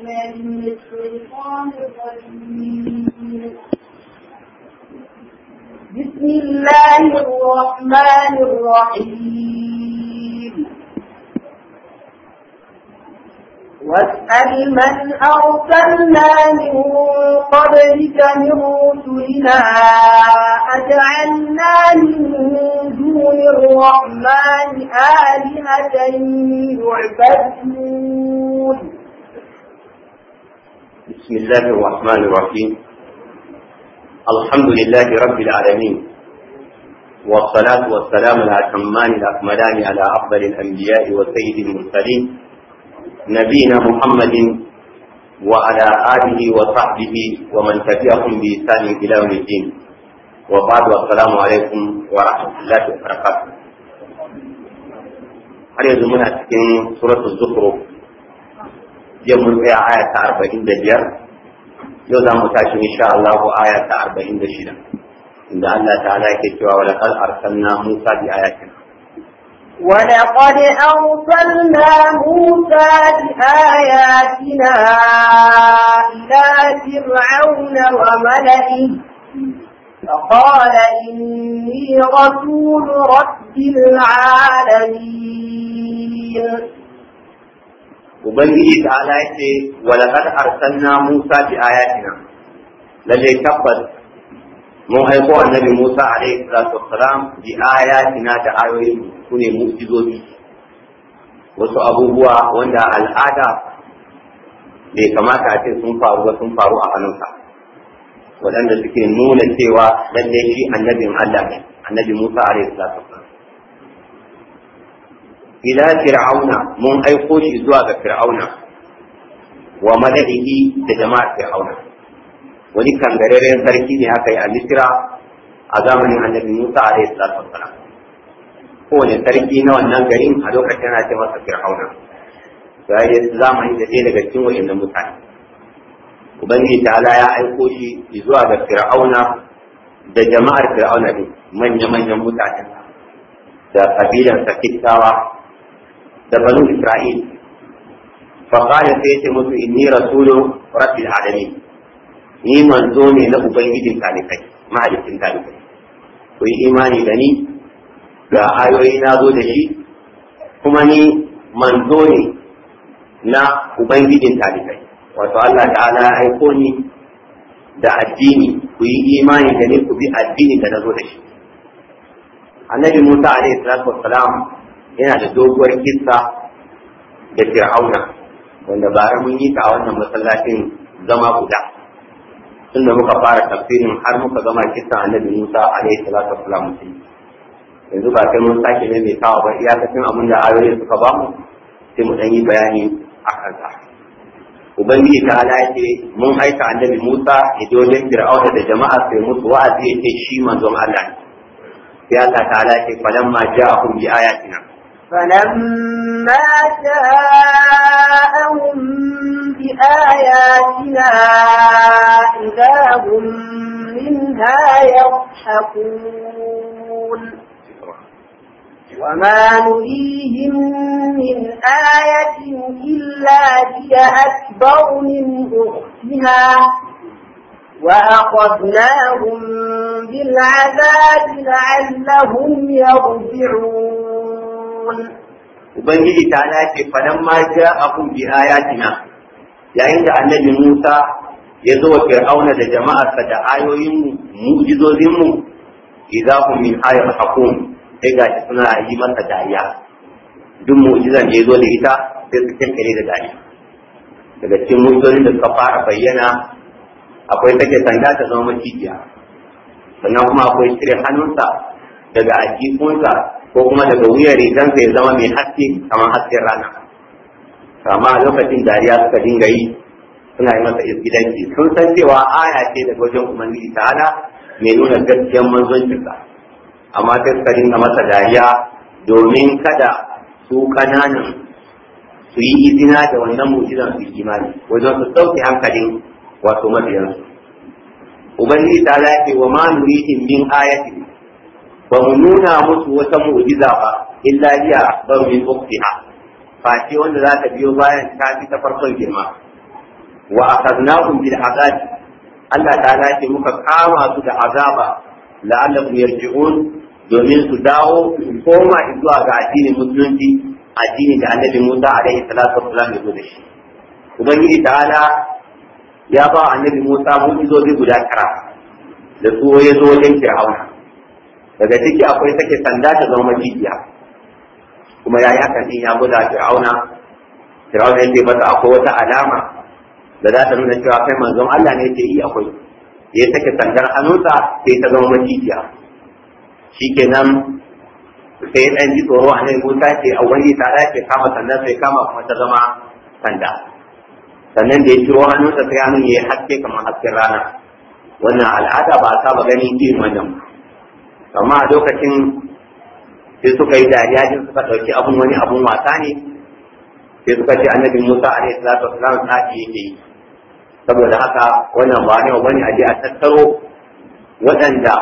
بسم الله الرحمن الرحيم واسأل من أرسلنا من قبلك من رسلنا أجعلنا من دون الرحمن آلهة يعبدون بسم الله الرحمن الرحيم الحمد لله رب العالمين والصلاة والسلام على الأتمان الأكملان على أفضل الأنبياء وسيد المرسلين نبينا محمد وعلى آله وصحبه ومن تبعهم بإحسان إلى يوم الدين وبعد والسلام عليكم ورحمة الله وبركاته har yanzu سورة cikin يوم zukhruf yau mun tsaya يوزع متاشي إن شاء الله آية أربعين دشيرا إن الله تعالى كتوى ولقد أرسلنا موسى بآياتنا ولقد أرسلنا موسى بآياتنا إلى فرعون وملئه فقال إني رسول رب العالمين ubangiji ta ala yace wala laqad arsalna musa bi ayatina lalle tabbas mun haiko annabi musa alaihi salatu wassalam bi ayatina da ayoyin ne mu'jizozi wasu abubuwa wanda al'ada bai kamata a ce sun faru ba sun faru a hannunsa waɗanda suke nuna cewa lalle shi annabin Allah ne annabi Musa alaihi salatu ila fir'auna mun aiko shi zuwa ga fir'auna wa mala'ihi da jama'ar fir'auna wani kangararren sarki ne aka yi a misira a zamanin annabi musa a Ko kowane sarki na wannan garin a lokacin ana ce masa fir'auna ya yi zamani da ɗaya daga cikin wa'annan mutane ubangiji ta'ala ya aiko shi zuwa ga fir'auna da jama'ar fir'auna din manya-manyan mutanen da kabilan sakittawa da banu Isra'il. Faƙala sai ce musu inni rasulu rabbil alamin. Ni manzo ne na Ubangijin talibai, mahalicin talibai. Ku yi imani da ni, ga ayoyi na zo da shi, kuma ni manzo ne na Ubangijin talibai. Wato Allah ta'ala ya aiko ni da addini ku yi imani da ni ku bi addini da na zo da shi. Annabi Musa alaihi salatu wassalam yana da doguwar kisa da fir'auna wanda bara mun yi ta a wannan masallacin zama guda tun muka fara tafsirin har muka gama kissa annabi musa alaihi salatu wasalam yanzu ba kai mun sake ne mai kawo ba iyakacin abin da ayoyin suka ba mu sai mu dan yi bayani a kansa ubangiji ta ala mun aika annabi musa ya je wajen fir'auna da jama'a sai musu wa'azi ya ce shi manzon allah ne ya ta ala ce falamma ja'ahum bi ayatina فلما جاءهم بآياتنا إذا هم منها يضحكون وما نريهم من آية إلا هي أكبر من أختها وأخذناهم بالعذاب لعلهم يرجعون ubangiji ta nace fadan ma ja'akum bi ayatina yayin da annabi Musa ya zo wa Fir'auna da jama'arsa da ayoyin mu mu'jizozin mu idza hum min ayat hakum sai ga suna yi masa dariya duk mu'jizan da ya zo da ita sai su ne da dariya daga cikin mu'jizozin da suka fara bayyana akwai take sanda ta zama macijiya sannan kuma akwai cire hannunsa daga ajikunsa ko kuma daga wuyan rigansa ya zama mai haske kamar hasken rana amma lokacin dariya suka dinga yi suna yi masa gidanki sun san cewa aya ce daga wajen ubangiji ta'ala mai nuna gaskiyar manzoncinsa amma sai suka dinga masa dariya domin kada su kananan su yi izina da wannan mu'jizan su imani wajen su sauke hankalin wato mabiyansu ubangiji ta lafi wa ma nurihim min ayatin ba mu nuna musu wata mu'jiza ba illa hiya akbar min ukhtiha ce wanda za ta biyo bayan ta fi ta farkon girma wa akhadnahum bil azab Allah ta ce muka kama su da azaba la'allahum yarji'un domin su dawo su koma zuwa ga addinin musulunci addinin da annabi Musa alaihi salatu wassalam ya zo da shi ubangiji ta'ala ya ba annabi Musa mu'jizozi guda tara da su ya zo wajen Fir'auna daga ciki akwai take sanda ta zama macijiya kuma ya yi hakan ya guda fir'auna fir'auna yake bata akwai wata alama da za ta nuna cewa kai manzon Allah ne ce yi akwai ya take sandar hannunsa sai ta zama macijiya nan sai dan ji tsoro a nan Musa ce a wani tare ke kama sandar sai kama kuma ta zama sanda sannan da ya ciro hannunsa sai hannun ya yi haske kamar hasken rana wannan al'ada ba a saba ganin irin wannan ba amma a lokacin sai suka yi dariya jin suka ɗauki abun wani abun wasa ne sai suka ce annabi musa alaihi salatu na sati yake yi saboda haka wannan ba ne wani aje a tattaro waɗanda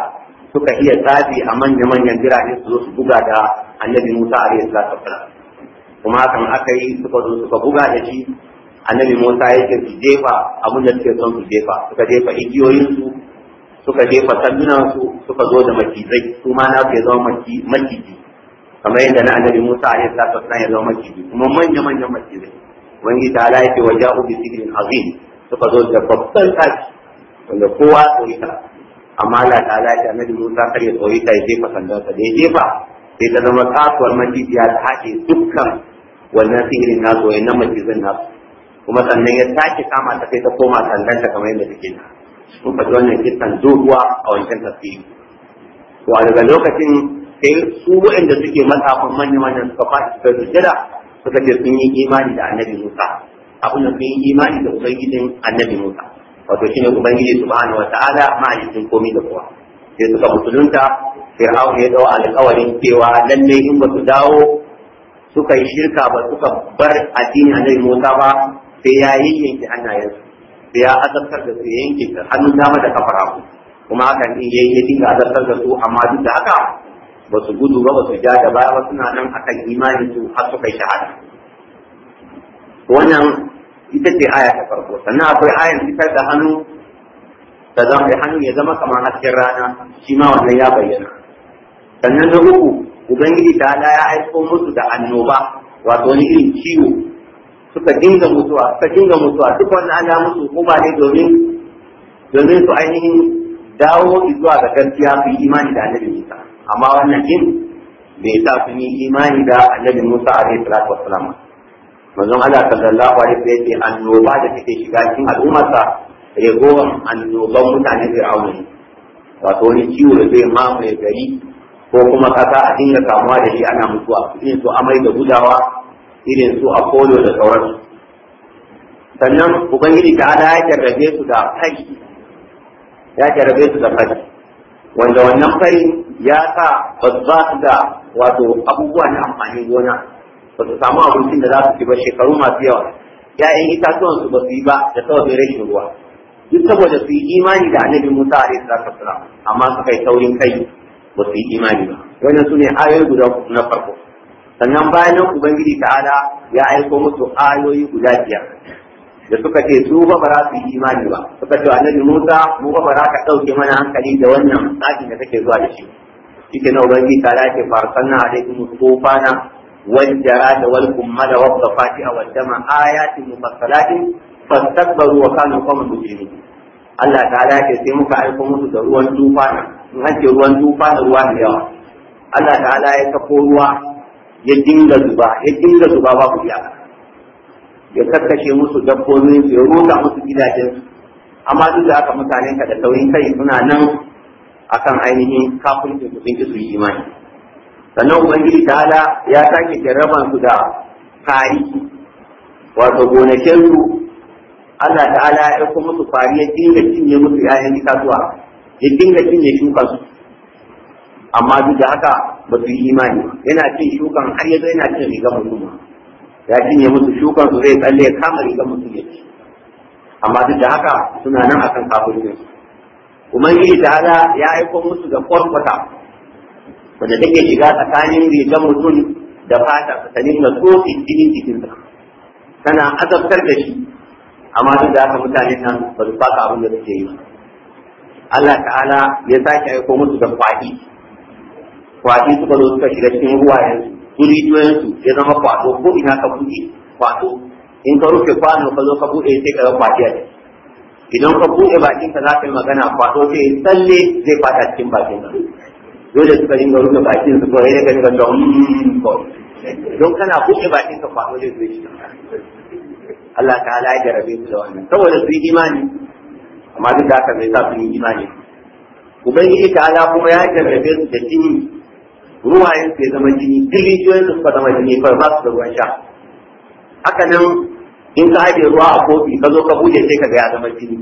suka iya tsafi a manya-manyan birane su zo su buga da annabi musa alaihi salatu wasalam kuma hakan aka yi suka zo suka buga da shi annabi musa ya ce su jefa abin da suke son su jefa suka jefa igiyoyinsu suka jefa sandunan su suka zo da makizai su ma na ya zama maciji kamar yadda na annabi Musa alaihi salatu wasallam ya zama maciji kuma manya manya makizai wani ta ala yake waja'u bi sidrin azim suka zo da babban tsaki wanda kowa tsorita amma Allah ta ala yake annabi Musa kar ya tsorita ya jefa sandansa da ya jefa sai ta zama kasuwar macijiya ta haɗe dukkan wannan sihirin nasu wayannan macizan nasu kuma sannan ya sake kama ta sai ta koma sandanta kamar yadda take na sun faɗi wannan kisan doguwa a wancan tafsiri to a daga lokacin sai su waɗanda suke matsafin manyan manyan suka faɗi suka jira, suka ce sun yi imani da annabi Musa abin da sun yi imani da ubangijin annabi Musa wato shine ubangiji subhanahu wataala ma'aikacin komi da kowa sai suka musulunta fir'aun ya dawo alƙawarin cewa lalle in ba su dawo suka yi shirka ba suka bar addinin annabi Musa ba sai ya yi yanke hannayensu sai ya azabtar da su yanke hannun dama da kafara ku kuma hakan in yayi ya dinga azabtar da su amma duk da haka ba su gudu ba ba su ja da baya ba suna nan akan imani su har su kai shahada wannan ita ce aya ta farko sannan akwai ayan fitar da hannu da zama hannu ya zama kamar hasken rana shi ma wannan ya bayyana sannan na uku ubangiji ta ya aiko musu da annoba wato wani irin ciwo suka dinga mutuwa suka dinga mutuwa duk wannan ana musu hukuma ne domin domin su ainihin dawo zuwa ga gaskiya su yi imani da annabi Musa amma wannan din bai sa su yi imani da annabi Musa alaihi salatu wassalam manzon Allah sallallahu alaihi wasallam yace annoba da take shiga cikin al'ummarsa ragowar annoban mutane fir'auna ne wato wani ciwo da zai mamaye gari ko kuma kasa a dinga kamuwa da shi ana mutuwa irin so amai da gudawa irin su a kolo da sauransu sannan ubangiji ta ala ya jarrabe su da fari ya jarrabe su da fari wanda wannan fari ya sa ba su da wato abubuwa na amfanin gona ba su samu abincin da za su ci ba shekaru masu yawa ya'yan itatuwan su ba su yi ba da sababin rashin ruwa duk saboda su yi imani da annabi Musa alaihi salatu wasalam amma suka yi saurin kai ba su yi imani ba wannan su ne ayoyi guda na farko sannan bayan nan ubangiji ta'ala ya aiko musu ayoyi guda biyar da suka ce su ba ba su yi imani ba suka ce annabi Musa mu ba ba ka dauke mana hankali da wannan tsakin da kake zuwa da shi shike na ubangiji ta'ala ke farsanna alaikum tufana والجراد aw dama والدم آيات fastakbaru wa kanu qawman mujrimin Allah ta'ala ya sai muka aiko musu da ruwan tufana in hake ruwan tufana ruwa da yawa Allah ta'ala ya kafo ruwa ya dinga zuba ya dinga zuba ba ku iyaka ya kakkashe musu dabbobin su ya roƙa musu gidajen amma duk da haka mutanen ka da saurin kai suna nan akan ainihin kafin su sun su yi imani sannan ubangiji ta'ala ya sake jarraban su da fari wato gonakin su Allah ta'ala ya ko musu fari ya dinga cinye musu 'ya'yan itatuwa ya dinga cinye shukan su amma duk da haka ba su yi imani yana cin shukan har ya yana cin rigar mutum ya cinye musu shukan su zai tsalle ya kama rigar musulunci amma duk da haka suna nan akan kafirin kuma yi ta'ala ya aiko musu da kwarkwata wanda take shiga tsakanin rigar mutum da fata ta nuna tsofin jinin jikinsa tana azabtar da shi amma duk da haka mutane nan ba su faka abin da suke yi Allah ta'ala ya sake aiko musu da kwaɗi kwaɗi suka zo suka shiga cikin ruwayensu su ya zama kwaɗo ko ina ka buɗe kwaɗo in ka rufe kwano ka zo ka buɗe sai ka ga kwaɗi a idan ka buɗe bakin ka za ka yi magana kwaɗo sai ya tsalle zai fata cikin bakin ka dole suka dinga rufe bakin su kawai da ka dinga cewa hmm, don kana buɗe bakin ka kwaɗo zai zo shi Allah ta'ala ya jarabe su da wannan saboda su yi imani amma duk da haka zai sa su yi imani ubangiji ala kuma ya jarabe su da jini ruwayen su ya zama jini duk rijiyoyin su suka zama jini kawai ba su da ruwan sha haka nan in ka haɗe ruwa a kofi ka zo ka buɗe sai ka ga ya zama jini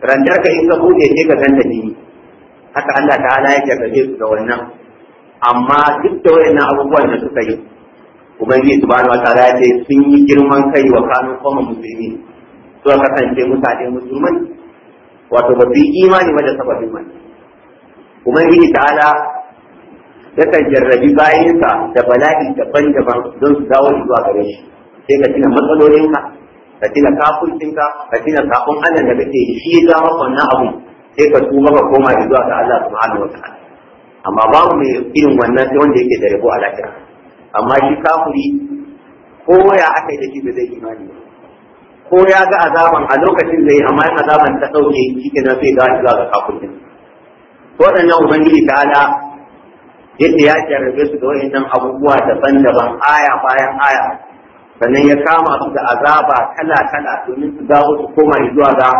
randar ka in ka buɗe sai ka ganta jini haka Allah ta'ala ya jarrabe su da wannan amma duk da wayannan abubuwan da suka yi ubangiji subhanahu wataala ya ce sun yi girman kai wa kanu kuma musulmi suka kasance mutane musulmai wato ba su yi imani ba da sababin mai ubangiji ta'ala yakan jarrabi bayansa da bala'i daban-daban don su dawo zuwa gare shi sai ka tuna matsalolinka ka tuna kafurcinka ka tuna kafin Allah da kake shi ya maka wannan abu sai ka tuma ka koma zuwa ga Allah subhanahu wataala amma babu mai irin wannan sai wanda yake da rabo a lafiya amma shi kafuri ko ya aka yi da shi ba zai imani ba ko ya ga azaban a lokacin zai amma in azaban ta ɗauke shi kenan sai dawo zuwa ga kafurcin waɗannan ubangiji ta'ala yadda ya jarrabe su da wayannan abubuwa daban-daban aya bayan aya sannan ya kama su da azaba kala-kala domin su dawo su koma zuwa ga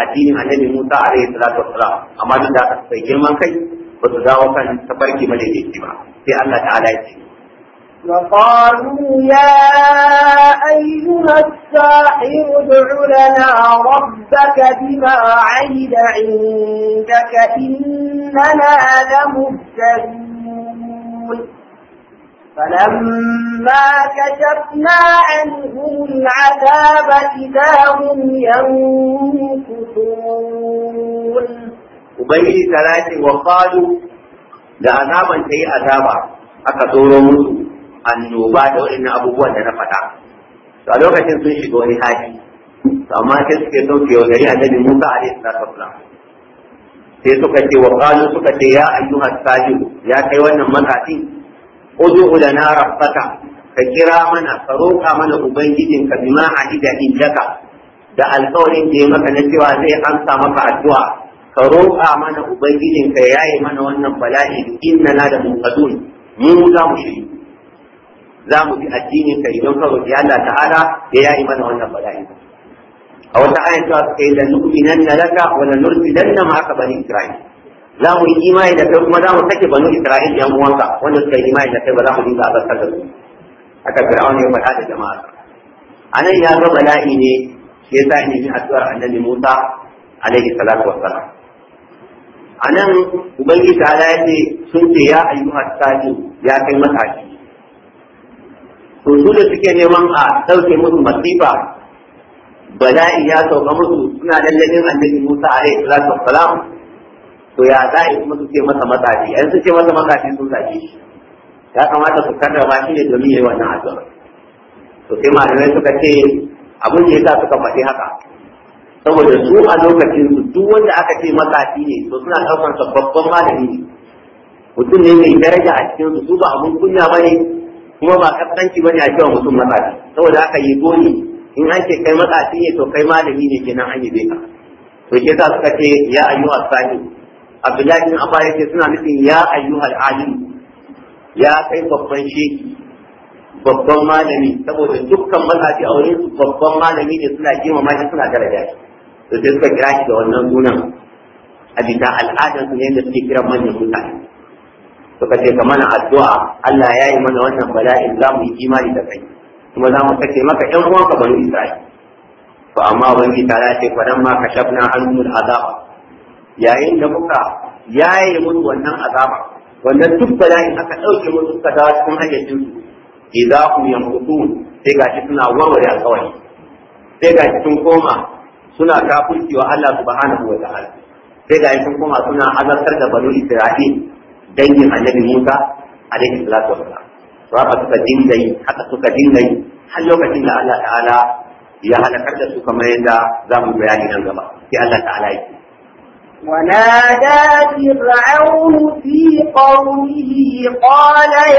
addinin annabi Musa alaihi salatu wassalam amma duk da aka girman kai ba su dawo kan tafarki madaidaici ba sai Allah ta'ala ya ce وقالوا يا أيها الساحر ادع لنا ربك بما عهد عندك إننا لمهتدون يشركون فلما كشفنا عنهم العذاب إذا هم ينكثون Ubangiji ta lace wa falu da azaban ta yi azaba aka tsoro musu annoba da waɗannan abubuwan da na faɗa. A lokacin sun shiga wani haji, amma sai suke son ke wa gari annabi Musa alaihi salatu wasalam. sai suka ce wa qalu suka ce ya ayyuhas sajidu ya kai wannan matsafi ud'u lana rabbaka ka kira mana ka roƙa mana ubangijin ka bima ahida indaka da alƙawarin da ya maka na cewa zai amsa maka addu'a ka roƙa mana ubangijin ka yaye mana wannan bala'i inna na da munqadun mu za mu shiri za mu bi addinin ka idan ka roƙi Allah ta'ala ya yayi mana wannan bala'i a wata ayan cewa suka yi lanu'minan na laka wa lanursilan na ma'aka bani Isra'il za mu yi imani da kai kuma za mu sake bani Isra'il yan uwanka wanda suka yi imani da kai ba za mu dinga azabtar da su aka fir'auna ya faɗa da jama'a anan ya ga bala'i ne ya sa ne min addu'ar annabi Musa alaihi salatu wassalam anan ubangiji ta ya ce sun ce ya ayyuha sadi ya kai matashi to su da suke neman a dauke musu masifa bala'i ya sauka musu suna lallabin annabi Musa alaihi salatu wassalam to ya za'i kuma su ce masa matsafi an su ce masa matsafi sun sake shi ya kamata su ba shi ne domin yayi wannan addu'a to sai malamai suka ce abin da yasa suka faɗi haka saboda su a lokacin su duk wanda aka ce matsafi ne to suna ɗaukar sa babban malami ne mutum ne mai daraja a cikin su su ba abun kunya bane kuma ba kaskanci bane a cewa mutum matsafi saboda aka yi goni in an ce kai matsafi ne to kai malami ne kenan an yi beka to ke sa suka ce ya ayyuha sani abdullahi bin abba yake suna nufin ya ayyuha alim ya kai babban shi babban malami saboda dukkan matsafi a wurin babban malami ne suna gima shi suna daraja shi to sai suka kira shi da wannan sunan a bisa al'adar su ne da suke kiran manyan mutane suka ce ka mana addu'a Allah ya yi mana wannan bala'in za mu yi imani da kai kuma za mu kace maka ɗan uwanka banu Isra'il to amma ubangi ta ce fadan ma kashafna alumul azaba yayin da muka yaye mun wannan azaba wannan duk bala'in aka ɗauke mun suka dawo cikin hajjajin su idza hum yamutun sai ga shi suna warware alƙawari sai ga shi sun koma suna kafirci wa Allah subhanahu wa ta'ala sai ga shi sun koma suna azartar da banu Isra'il dangin annabi Musa alaihi salatu wassalam to haka suka dinga yi haka suka dinga yi har lokacin da Allah ta'ala ya halakar da su kamar yadda za mu bayani nan gaba sai Allah ta'ala yake ونادى فرعون في قومه قال يا